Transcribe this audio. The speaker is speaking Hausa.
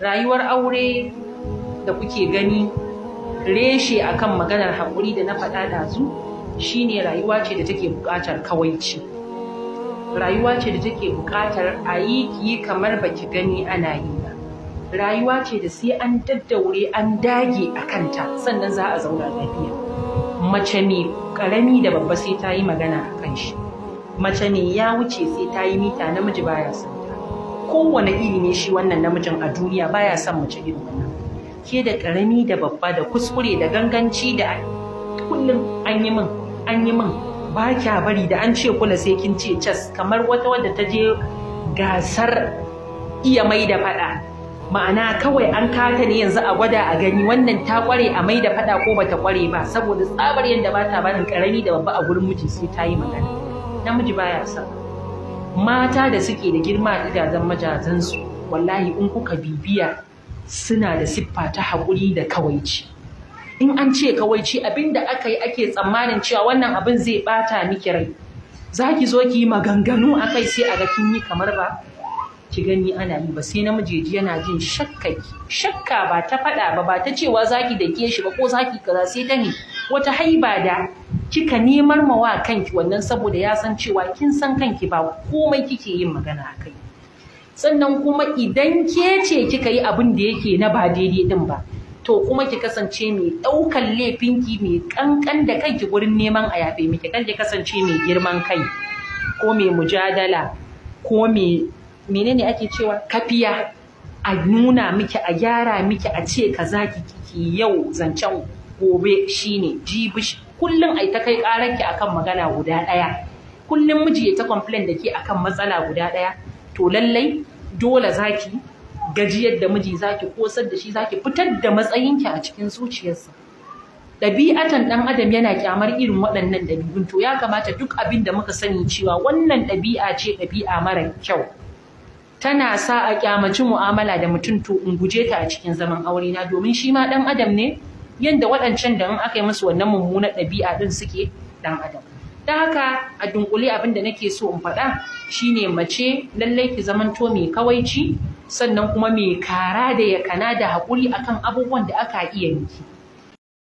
rayuwar aure da kuke gani reshe akan maganar haƙuri da na faɗa ɗazu shine rayuwa ce da take buƙatar kawaici rayuwa ce da take buƙatar a yi ki kamar baki gani ana yi ba rayuwa ce da sai an daddaure an dage a kanta sannan za a zauna lafiya mace mai ƙarami da babba sai ta yi magana a kan shi mace ne ya wuce sai ta yi mita namiji baya santa kowane iri ne shi wannan namijin a duniya baya son mace irin wannan ke da karami da babba da kuskure da ganganci da kullum an yi min an yi min ba kya bari da an ce kula sai kin ce cas kamar wata wadda ta je gasar iya mai da fada ma'ana kawai an kata ne yanzu a gwada a gani wannan ta kware a mai da fada ko bata kware ba saboda tsabar yadda ba ta barin karami da babba a gurin miji sai ta yi magana namiji baya son mata da suke da girma a gidajen su, wallahi in kuka bibiya suna da siffa ta haƙuri da kawaici in an ce kawaici abinda aka yi ake tsammanin cewa wannan abin zai bata miki rai za ki zo ki yi maganganu a kai sai a ga kin yi kamar ba ki gani ana yi ba sai namiji yana jin shakka shakka ba ta faɗa ba ba ta cewa za ki dake shi ba ko za ki kaza sai ta ne wata haiba da kika nemar ma wa kanki wannan saboda ya san cewa kin san kanki ba komai kike yin magana a kai sannan kuma idan ke ce kika yi abin da yake na ba daidai din ba to kuma ki kasance mai ɗaukan ki mai ƙanƙan da kanki gurin neman a yafe miki kan kasance mai girman kai ko mai mujadala ko mai menene ake cewa kafiya a nuna miki a gyara miki a ce kaza ki kiki yau zancen gobe shine jibishi kullum ai ta kai ki akan magana guda ɗaya kullum miji ya ta complain da ke akan matsala guda ɗaya to lallai dole zaki gajiyar da miji zaki kosar da shi zaki fitar da matsayin ki a cikin zuciyarsa ɗabi'atan ɗan adam yana kyamar irin waɗannan ɗabi'un to ya kamata duk abin da muka sani cewa wannan ɗabi'a ce ɗabi'a mara kyau tana sa a kyamaci mu'amala da mutum to in guje ta a cikin zaman aure na domin shi ma ɗan adam ne Yanda waɗancan da in aka yi musu wannan mummunar ɗabi'a ɗin suke ɗan adam Ta haka a dunkule abin da nake so in faɗa shine mace lallai ki zamanto mai kawaici sannan kuma mai kara da yakana da haƙuri akan abubuwan da aka iya miki.